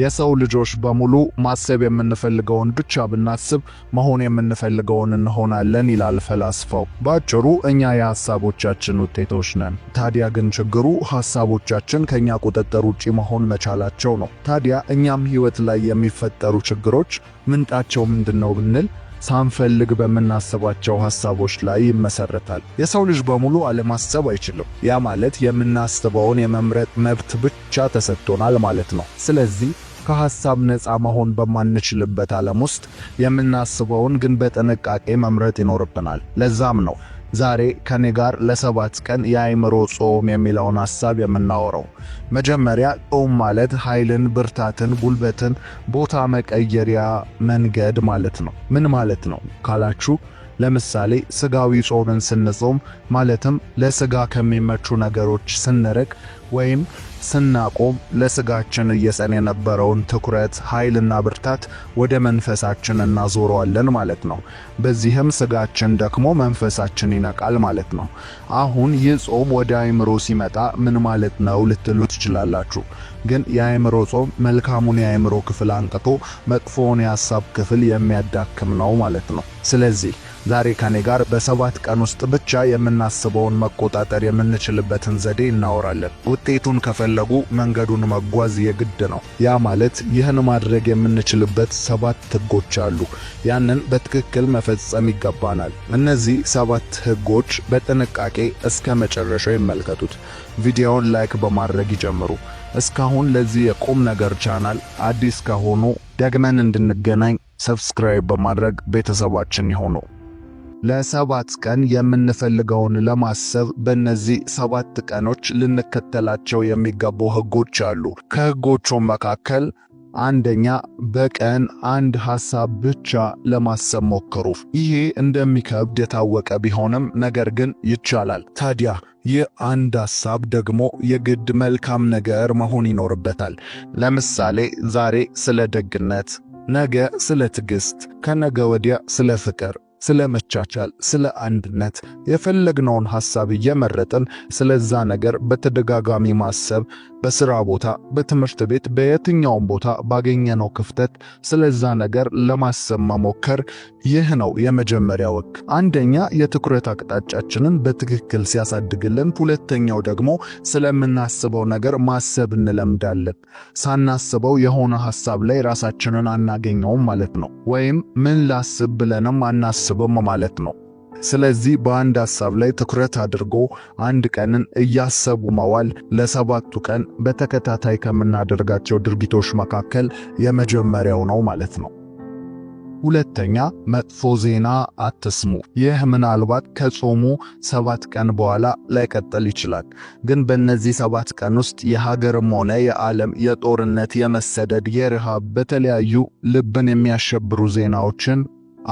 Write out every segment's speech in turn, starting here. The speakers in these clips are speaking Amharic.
የሰው ልጆች በሙሉ ማሰብ የምንፈልገውን ብቻ ብናስብ መሆን የምንፈልገውን እንሆናለን ይላል ፈላስፋው። በአጭሩ እኛ የሐሳቦቻችን ውጤቶች ነን። ታዲያ ግን ችግሩ ሐሳቦቻችን ከኛ ቁጥጥር ውጪ መሆን መቻላቸው ነው። ታዲያ እኛም ሕይወት ላይ የሚፈጠሩ ችግሮች ምንጣቸው ምንድነው ብንል ሳንፈልግ በምናስባቸው ሐሳቦች ላይ ይመሰረታል። የሰው ልጅ በሙሉ አለማሰብ አይችልም። ያ ማለት የምናስበውን የመምረጥ መብት ብቻ ተሰጥቶናል ማለት ነው። ስለዚህ ከሀሳብ ነፃ መሆን በማንችልበት ዓለም ውስጥ የምናስበውን ግን በጥንቃቄ መምረጥ ይኖርብናል። ለዛም ነው ዛሬ ከኔ ጋር ለሰባት ቀን የአእምሮ ጾም የሚለውን ሐሳብ የምናወረው መጀመሪያ ጾም ማለት ኃይልን፣ ብርታትን፣ ጉልበትን ቦታ መቀየሪያ መንገድ ማለት ነው። ምን ማለት ነው ካላችሁ ለምሳሌ ስጋዊ ጾምን ስንጾም ማለትም ለስጋ ከሚመቹ ነገሮች ስንርቅ ወይም ስናቆም ለስጋችን እየሰን የነበረውን ትኩረት ኃይልና ብርታት ወደ መንፈሳችን እናዞረዋለን ማለት ነው። በዚህም ስጋችን ደክሞ መንፈሳችን ይነቃል ማለት ነው። አሁን ይህ ጾም ወደ አእምሮ ሲመጣ ምን ማለት ነው ልትሉ ትችላላችሁ። ግን የአእምሮ ጾም መልካሙን የአእምሮ ክፍል አንቅቶ መጥፎውን የሐሳብ ክፍል የሚያዳክም ነው ማለት ነው። ስለዚህ ዛሬ ከኔ ጋር በሰባት ቀን ውስጥ ብቻ የምናስበውን መቆጣጠር የምንችልበትን ዘዴ እናወራለን። ውጤቱን ከፈለጉ መንገዱን መጓዝ የግድ ነው። ያ ማለት ይህን ማድረግ የምንችልበት ሰባት ህጎች አሉ። ያንን በትክክል መፈጸም ይገባናል። እነዚህ ሰባት ህጎች በጥንቃቄ እስከ መጨረሻው ይመልከቱት። ቪዲዮውን ላይክ በማድረግ ይጀምሩ። እስካሁን ለዚህ የቁም ነገር ቻናል አዲስ ከሆኑ ደግመን እንድንገናኝ ሰብስክራይብ በማድረግ ቤተሰባችን ይሁኑ። ለሰባት ቀን የምንፈልገውን ለማሰብ በእነዚህ ሰባት ቀኖች ልንከተላቸው የሚገቡ ህጎች አሉ። ከህጎቹ መካከል አንደኛ በቀን አንድ ሐሳብ ብቻ ለማሰብ ሞክሩ። ይሄ እንደሚከብድ የታወቀ ቢሆንም ነገር ግን ይቻላል። ታዲያ ይህ አንድ ሐሳብ ደግሞ የግድ መልካም ነገር መሆን ይኖርበታል። ለምሳሌ ዛሬ ስለ ደግነት፣ ነገ ስለ ትዕግሥት፣ ከነገ ወዲያ ስለ ፍቅር ስለ መቻቻል፣ ስለ አንድነት የፈለግነውን ሐሳብ እየመረጥን ስለዛ ነገር በተደጋጋሚ ማሰብ በስራ ቦታ፣ በትምህርት ቤት፣ በየትኛውም ቦታ ባገኘነው ክፍተት ስለዛ ነገር ለማሰብ መሞከር። ይህ ነው የመጀመሪያ ወግ። አንደኛ የትኩረት አቅጣጫችንን በትክክል ሲያሳድግልን፣ ሁለተኛው ደግሞ ስለምናስበው ነገር ማሰብ እንለምዳለን። ሳናስበው የሆነ ሐሳብ ላይ ራሳችንን አናገኘውም ማለት ነው። ወይም ምን ላስብ ብለንም አናስ አያስብም ማለት ነው። ስለዚህ በአንድ ሐሳብ ላይ ትኩረት አድርጎ አንድ ቀንን እያሰቡ መዋል ለሰባቱ ቀን በተከታታይ ከምናደርጋቸው ድርጊቶች መካከል የመጀመሪያው ነው ማለት ነው። ሁለተኛ፣ መጥፎ ዜና አትስሙ። ይህ ምናልባት ከጾሙ ሰባት ቀን በኋላ ላይቀጥል ይችላል። ግን በእነዚህ ሰባት ቀን ውስጥ የሀገርም ሆነ የዓለም የጦርነት፣ የመሰደድ፣ የርሃብ በተለያዩ ልብን የሚያሸብሩ ዜናዎችን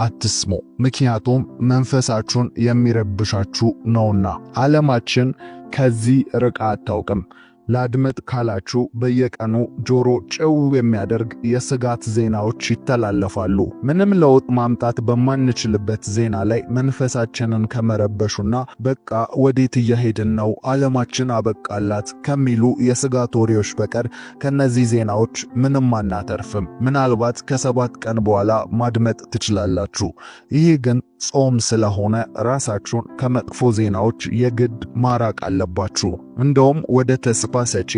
አትስሙ፣ ምክንያቱም መንፈሳችሁን የሚረብሻችሁ ነውና። ዓለማችን ከዚህ ርቃ አታውቅም። ለአድመጥ ካላችሁ በየቀኑ ጆሮ ጭው የሚያደርግ የስጋት ዜናዎች ይተላለፋሉ። ምንም ለውጥ ማምጣት በማንችልበት ዜና ላይ መንፈሳችንን ከመረበሹና በቃ ወዴት እየሄድን ነው፣ ዓለማችን አበቃላት ከሚሉ የስጋት ወሬዎች በቀር ከነዚህ ዜናዎች ምንም አናተርፍም። ምናልባት ከሰባት ቀን በኋላ ማድመጥ ትችላላችሁ። ይህ ግን ጾም ስለሆነ ራሳችሁን ከመጥፎ ዜናዎች የግድ ማራቅ አለባችሁ። እንደውም ወደ ተስፋ ሰጪ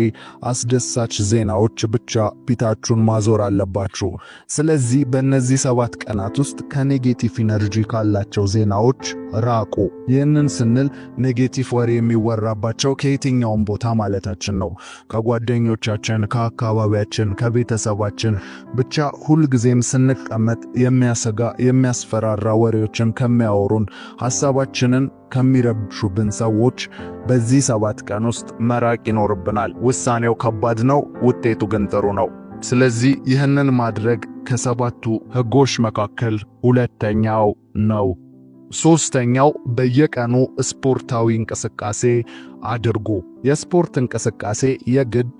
አስደሳች ዜናዎች ብቻ ፊታችሁን ማዞር አለባችሁ። ስለዚህ በእነዚህ ሰባት ቀናት ውስጥ ከኔጌቲቭ ኢነርጂ ካላቸው ዜናዎች ራቁ። ይህንን ስንል ኔጌቲቭ ወሬ የሚወራባቸው ከየትኛውም ቦታ ማለታችን ነው። ከጓደኞቻችን፣ ከአካባቢያችን፣ ከቤተሰባችን ብቻ ሁልጊዜም ስንቀመጥ የሚያሰጋ የሚያስፈራራ ወሬዎችን ብለን ከሚያወሩን፣ ሐሳባችንን ከሚረብሹብን ሰዎች በዚህ ሰባት ቀን ውስጥ መራቅ ይኖርብናል። ውሳኔው ከባድ ነው፣ ውጤቱ ግን ጥሩ ነው። ስለዚህ ይህንን ማድረግ ከሰባቱ ሕጎች መካከል ሁለተኛው ነው። ሶስተኛው በየቀኑ ስፖርታዊ እንቅስቃሴ አድርጉ። የስፖርት እንቅስቃሴ የግድ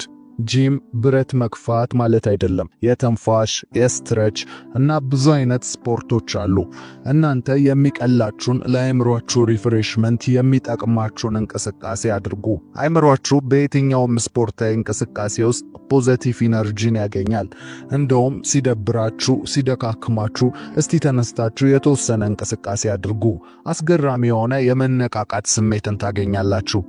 ጂም ብረት መግፋት ማለት አይደለም። የተንፋሽ፣ የስትረች እና ብዙ አይነት ስፖርቶች አሉ። እናንተ የሚቀላችሁን ለአእምሯችሁ ሪፍሬሽመንት የሚጠቅማችሁን እንቅስቃሴ አድርጉ። አእምሯችሁ በየትኛውም ስፖርታዊ እንቅስቃሴ ውስጥ ፖዘቲቭ ኢነርጂን ያገኛል። እንደውም ሲደብራችሁ፣ ሲደካክማችሁ እስቲ ተነስታችሁ የተወሰነ እንቅስቃሴ አድርጉ። አስገራሚ የሆነ የመነቃቃት ስሜትን ታገኛላችሁ።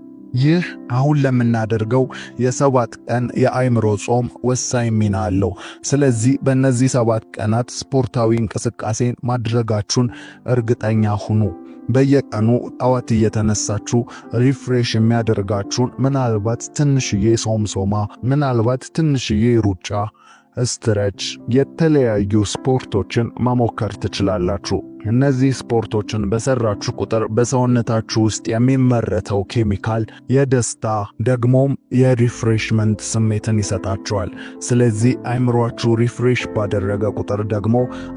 ይህ አሁን ለምናደርገው የሰባት ቀን የአእምሮ ጾም ወሳኝ ሚና አለው። ስለዚህ በእነዚህ ሰባት ቀናት ስፖርታዊ እንቅስቃሴን ማድረጋችሁን እርግጠኛ ሁኑ። በየቀኑ ጠዋት እየተነሳችሁ ሪፍሬሽ የሚያደርጋችሁን ምናልባት ትንሽዬ ሶምሶማ፣ ምናልባት ትንሽዬ ሩጫ፣ ስትረች፣ የተለያዩ ስፖርቶችን መሞከር ትችላላችሁ። እነዚህ ስፖርቶችን በሰራችሁ ቁጥር በሰውነታችሁ ውስጥ የሚመረተው ኬሚካል የደስታ ደግሞም የሪፍሬሽመንት ስሜትን ይሰጣችኋል። ስለዚህ አይምሯችሁ ሪፍሬሽ ባደረገ ቁጥር ደግሞ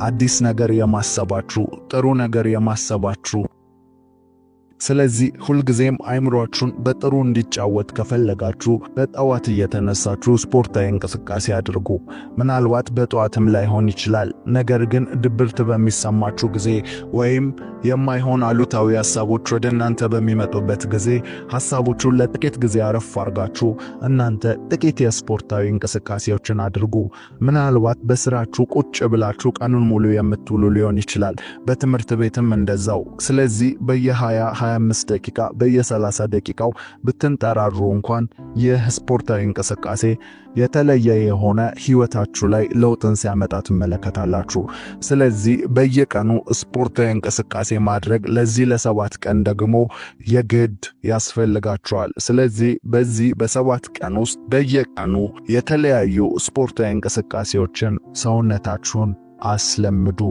አዲስ ነገር የማሰባችሁ ጥሩ ነገር የማሰባችሁ ስለዚህ ሁልጊዜም አይምሯችሁን በጥሩ እንዲጫወት ከፈለጋችሁ በጠዋት እየተነሳችሁ ስፖርታዊ እንቅስቃሴ አድርጉ። ምናልባት በጠዋትም ላይሆን ይችላል። ነገር ግን ድብርት በሚሰማችሁ ጊዜ ወይም የማይሆን አሉታዊ ሀሳቦች ወደ እናንተ በሚመጡበት ጊዜ ሀሳቦቹን ለጥቂት ጊዜ አረፍ አርጋችሁ እናንተ ጥቂት የስፖርታዊ እንቅስቃሴዎችን አድርጉ። ምናልባት በስራችሁ ቁጭ ብላችሁ ቀኑን ሙሉ የምትውሉ ሊሆን ይችላል። በትምህርት ቤትም እንደዛው። ስለዚህ በየ20 25 ደቂቃ በየ30 ደቂቃው ብትንጠራሩ እንኳን ይህ ስፖርታዊ እንቅስቃሴ የተለየ የሆነ ህይወታችሁ ላይ ለውጥን ሲያመጣ ትመለከታላችሁ። ስለዚህ በየቀኑ ስፖርታዊ እንቅስቃሴ ማድረግ ለዚህ ለሰባት ቀን ደግሞ የግድ ያስፈልጋችኋል። ስለዚህ በዚህ በሰባት ቀን ውስጥ በየቀኑ የተለያዩ ስፖርታዊ እንቅስቃሴዎችን ሰውነታችሁን አስለምዱ።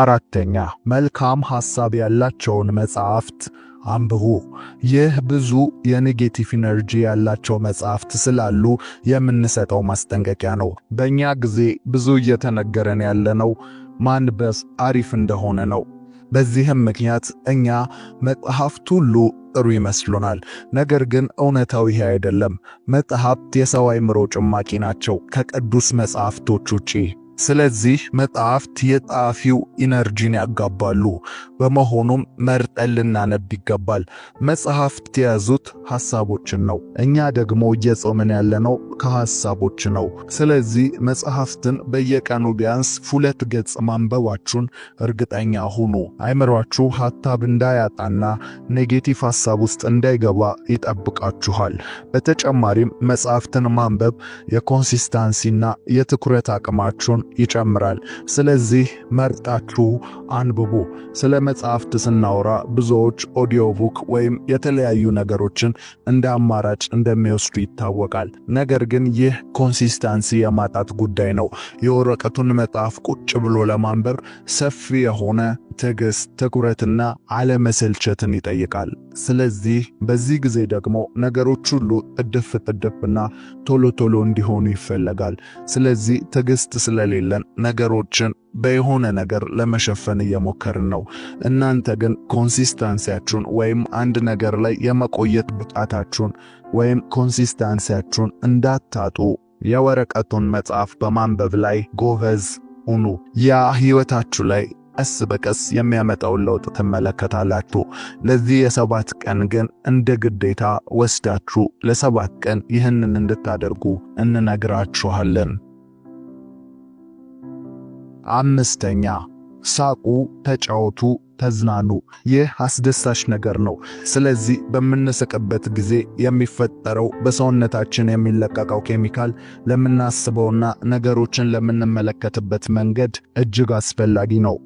አራተኛ መልካም ሐሳብ ያላቸውን መጻሕፍት አንብቡ። ይህ ብዙ የኔጌቲቭ ኢነርጂ ያላቸው መጻሕፍት ስላሉ የምንሰጠው ማስጠንቀቂያ ነው። በእኛ ጊዜ ብዙ እየተነገረን ያለነው ማንበብ አሪፍ እንደሆነ ነው። በዚህም ምክንያት እኛ መጽሐፍት ሁሉ ጥሩ ይመስሉናል። ነገር ግን እውነታው ይሄ አይደለም። መጽሐፍት የሰው አይምሮ ጭማቂ ናቸው ከቅዱስ መጽሐፍቶች ውጪ። ስለዚህ መጽሐፍት የጸሐፊው ኢነርጂን ያጋባሉ። በመሆኑም መርጠን ልናነብ ይገባል። መጽሐፍት የያዙት ሐሳቦችን ነው። እኛ ደግሞ እየጾምን ያለነው ከሐሳቦች ነው። ስለዚህ መጽሐፍትን በየቀኑ ቢያንስ ሁለት ገጽ ማንበባችሁን እርግጠኛ ሁኑ። አይምሯችሁ ሐሳብ እንዳያጣና ኔጌቲቭ ሐሳብ ውስጥ እንዳይገባ ይጠብቃችኋል። በተጨማሪም መጽሐፍትን ማንበብ የኮንሲስታንሲና የትኩረት አቅማችሁን ይጨምራል። ስለዚህ መርጣችሁ አንብቡ። ስለ መጽሐፍት ስናወራ ብዙዎች ኦዲዮ ቡክ ወይም የተለያዩ ነገሮችን እንደ አማራጭ እንደሚወስዱ ይታወቃል። ነገር ግን ይህ ኮንሲስታንሲ የማጣት ጉዳይ ነው። የወረቀቱን መጽሐፍ ቁጭ ብሎ ለማንበር ሰፊ የሆነ ትዕግስት፣ ትኩረትና አለመሰልቸትን ይጠይቃል። ስለዚህ በዚህ ጊዜ ደግሞ ነገሮች ሁሉ ጥድፍ ጥድፍና ቶሎ ቶሎ እንዲሆኑ ይፈለጋል። ስለዚህ ትዕግስት ስለሌ ስለሌለን ነገሮችን በየሆነ ነገር ለመሸፈን እየሞከርን ነው። እናንተ ግን ኮንሲስታንሲያችሁን ወይም አንድ ነገር ላይ የመቆየት ብቃታችሁን ወይም ኮንሲስታንሲያችሁን እንዳታጡ የወረቀቱን መጽሐፍ በማንበብ ላይ ጎበዝ ሁኑ። ያ ሕይወታችሁ ላይ ቀስ በቀስ የሚያመጣውን ለውጥ ትመለከታላችሁ። ለዚህ የሰባት ቀን ግን እንደ ግዴታ ወስዳችሁ ለሰባት ቀን ይህንን እንድታደርጉ እንነግራችኋለን። አምስተኛ ሳቁ፣ ተጫወቱ፣ ተዝናኑ። ይህ አስደሳች ነገር ነው። ስለዚህ በምንስቅበት ጊዜ የሚፈጠረው በሰውነታችን የሚለቀቀው ኬሚካል ለምናስበውና ነገሮችን ለምንመለከትበት መንገድ እጅግ አስፈላጊ ነው።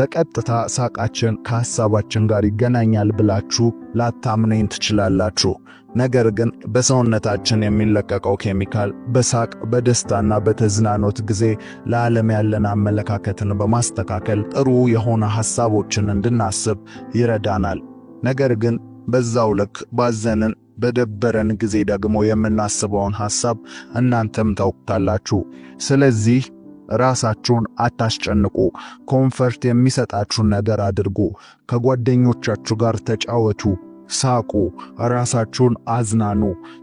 በቀጥታ ሳቃችን ከሐሳባችን ጋር ይገናኛል ብላችሁ ላታምነኝ ትችላላችሁ። ነገር ግን በሰውነታችን የሚለቀቀው ኬሚካል በሳቅ በደስታና በተዝናኖት ጊዜ ለዓለም ያለን አመለካከትን በማስተካከል ጥሩ የሆነ ሐሳቦችን እንድናስብ ይረዳናል። ነገር ግን በዛው ልክ ባዘንን በደበረን ጊዜ ደግሞ የምናስበውን ሐሳብ እናንተም ታውቁታላችሁ። ስለዚህ ራሳችሁን አታስጨንቁ። ኮንፈርት የሚሰጣችሁን ነገር አድርጉ። ከጓደኞቻችሁ ጋር ተጫወቱ። ሳቁ፣ ራሳችሁን አዝናኑ።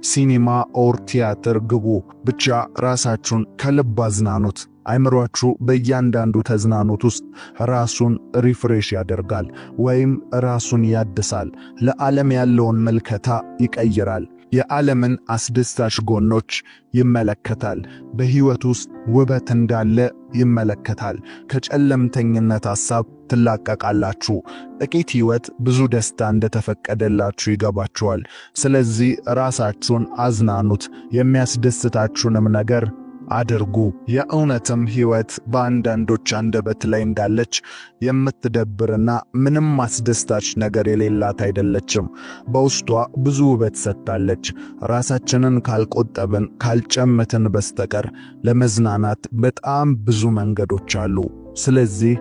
ሲኒማ ኦር ቲያትር ግቡ፣ ብቻ ራሳችሁን ከልብ አዝናኑት። አይምሯችሁ በእያንዳንዱ ተዝናኖት ውስጥ ራሱን ሪፍሬሽ ያደርጋል ወይም ራሱን ያድሳል። ለዓለም ያለውን መልከታ ይቀይራል። የዓለምን አስደሳች ጎኖች ይመለከታል። በሕይወት ውስጥ ውበት እንዳለ ይመለከታል። ከጨለምተኝነት ሐሳብ ትላቀቃላችሁ። ጥቂት ሕይወት ብዙ ደስታ እንደተፈቀደላችሁ ይገባችኋል። ስለዚህ ራሳችሁን አዝናኑት፣ የሚያስደስታችሁንም ነገር አድርጉ። የእውነትም ሕይወት በአንዳንዶች አንደበት ላይ እንዳለች የምትደብርና ምንም አስደስታች ነገር የሌላት አይደለችም። በውስጧ ብዙ ውበት ሰጥታለች። ራሳችንን ካልቆጠብን፣ ካልጨመትን በስተቀር ለመዝናናት በጣም ብዙ መንገዶች አሉ። ስለዚህ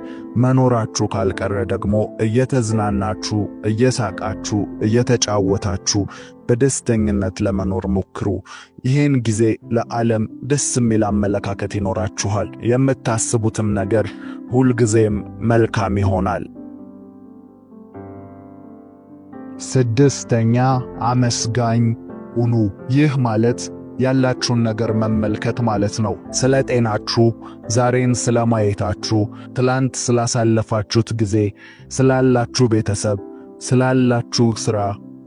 መኖራችሁ ካልቀረ ደግሞ እየተዝናናችሁ፣ እየሳቃችሁ፣ እየተጫወታችሁ በደስተኝነት ለመኖር ሞክሩ። ይህን ጊዜ ለዓለም ደስ የሚል አመለካከት ይኖራችኋል። የምታስቡትም ነገር ሁልጊዜም መልካም ይሆናል። ስድስተኛ አመስጋኝ ሁኑ። ይህ ማለት ያላችሁን ነገር መመልከት ማለት ነው። ስለ ጤናችሁ፣ ዛሬን ስለማየታችሁ፣ ትላንት ስላሳለፋችሁት ጊዜ፣ ስላላችሁ ቤተሰብ፣ ስላላችሁ ሥራ፣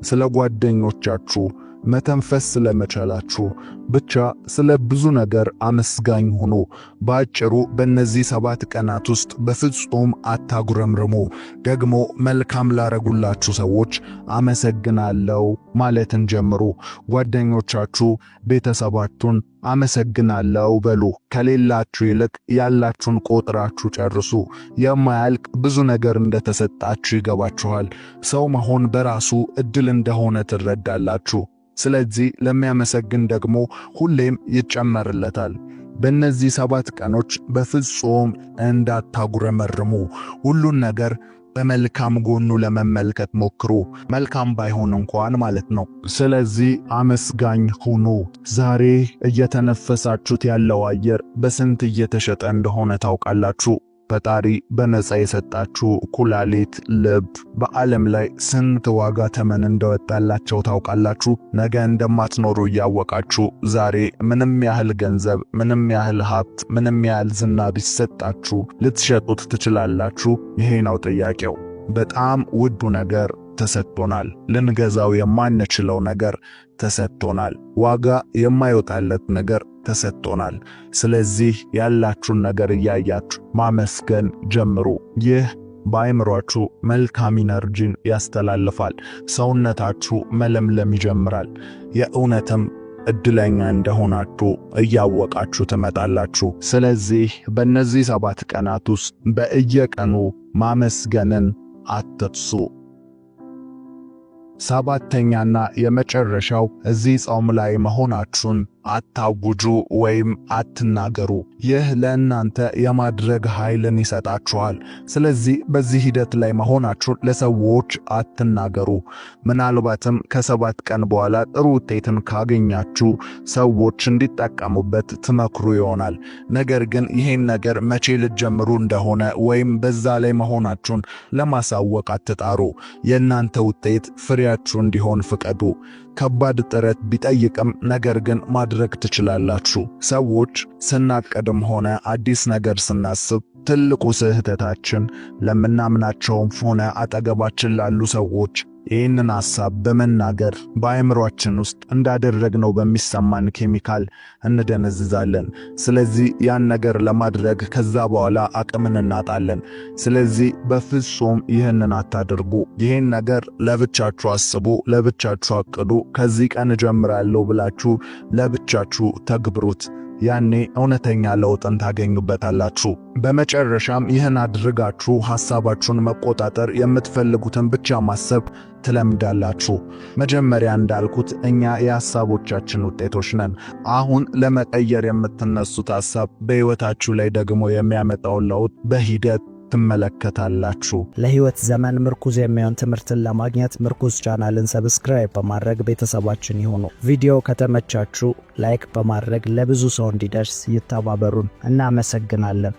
ስለ ጓደኞቻችሁ መተንፈስ ስለመቻላችሁ ብቻ ስለ ብዙ ነገር አመስጋኝ ሁኑ። በአጭሩ በእነዚህ ሰባት ቀናት ውስጥ በፍጹም አታጉረምርሙ። ደግሞ መልካም ላረጉላችሁ ሰዎች አመሰግናለሁ ማለትን ጀምሩ። ጓደኞቻችሁ፣ ቤተሰባችሁን አመሰግናለሁ በሉ። ከሌላችሁ ይልቅ ያላችሁን ቆጥራችሁ ጨርሱ። የማያልቅ ብዙ ነገር እንደተሰጣችሁ ይገባችኋል። ሰው መሆን በራሱ እድል እንደሆነ ትረዳላችሁ። ስለዚህ ለሚያመሰግን ደግሞ ሁሌም ይጨመርለታል። በእነዚህ ሰባት ቀኖች በፍጹም እንዳታጉረመርሙ። ሁሉን ነገር በመልካም ጎኑ ለመመልከት ሞክሩ፣ መልካም ባይሆን እንኳን ማለት ነው። ስለዚህ አመስጋኝ ሁኑ። ዛሬ እየተነፈሳችሁት ያለው አየር በስንት እየተሸጠ እንደሆነ ታውቃላችሁ። ፈጣሪ በነፃ የሰጣችሁ ኩላሊት፣ ልብ በዓለም ላይ ስንት ዋጋ ተመን እንደወጣላቸው ታውቃላችሁ? ነገ እንደማትኖሩ እያወቃችሁ ዛሬ ምንም ያህል ገንዘብ፣ ምንም ያህል ሀብት፣ ምንም ያህል ዝና ቢሰጣችሁ ልትሸጡት ትችላላችሁ? ይሄ ነው ጥያቄው። በጣም ውዱ ነገር ተሰጥቶናል። ልንገዛው የማንችለው ነገር ተሰጥቶናል። ዋጋ የማይወጣለት ነገር ተሰጥቶናል። ስለዚህ ያላችሁን ነገር እያያችሁ ማመስገን ጀምሩ። ይህ በአእምሯችሁ መልካም ኢነርጂን ያስተላልፋል። ሰውነታችሁ መለምለም ይጀምራል። የእውነትም እድለኛ እንደሆናችሁ እያወቃችሁ ትመጣላችሁ። ስለዚህ በእነዚህ ሰባት ቀናት ውስጥ በእየቀኑ ማመስገንን አትርሱ። ሰባተኛና የመጨረሻው እዚህ ጾም ላይ መሆናችሁን አታውጁ ወይም አትናገሩ። ይህ ለእናንተ የማድረግ ኃይልን ይሰጣችኋል። ስለዚህ በዚህ ሂደት ላይ መሆናችሁ ለሰዎች አትናገሩ። ምናልባትም ከሰባት ቀን በኋላ ጥሩ ውጤትን ካገኛችሁ ሰዎች እንዲጠቀሙበት ትመክሩ ይሆናል። ነገር ግን ይህን ነገር መቼ ልትጀምሩ እንደሆነ ወይም በዛ ላይ መሆናችሁን ለማሳወቅ አትጣሩ። የእናንተ ውጤት ፍሬያችሁ እንዲሆን ፍቀዱ። ከባድ ጥረት ቢጠይቅም ነገር ግን ማድረግ ትችላላችሁ። ሰዎች ስናቅድም ሆነ አዲስ ነገር ስናስብ ትልቁ ስህተታችን ለምናምናቸውም ሆነ አጠገባችን ላሉ ሰዎች ይህንን ሐሳብ በመናገር በአእምሯችን ውስጥ እንዳደረግነው በሚሰማን ኬሚካል እንደነዝዛለን። ስለዚህ ያን ነገር ለማድረግ ከዛ በኋላ አቅምን እናጣለን። ስለዚህ በፍጹም ይህንን አታድርጉ። ይህን ነገር ለብቻችሁ አስቡ፣ ለብቻችሁ አቅዱ። ከዚህ ቀን ጀምራለሁ ብላችሁ ለብቻችሁ ተግብሩት። ያኔ እውነተኛ ለውጥን ታገኙበታላችሁ። በመጨረሻም ይህን አድርጋችሁ ሐሳባችሁን መቆጣጠር፣ የምትፈልጉትን ብቻ ማሰብ ትለምዳላችሁ። መጀመሪያ እንዳልኩት እኛ የሐሳቦቻችን ውጤቶች ነን። አሁን ለመቀየር የምትነሱት ሐሳብ በሕይወታችሁ ላይ ደግሞ የሚያመጣውን ለውጥ በሂደት ትመለከታላችሁ። ለህይወት ዘመን ምርኩዝ የሚሆን ትምህርትን ለማግኘት ምርኩዝ ቻናልን ሰብስክራይብ በማድረግ ቤተሰባችን ይሁኑ። ቪዲዮ ከተመቻችሁ ላይክ በማድረግ ለብዙ ሰው እንዲደርስ ይተባበሩን። እናመሰግናለን።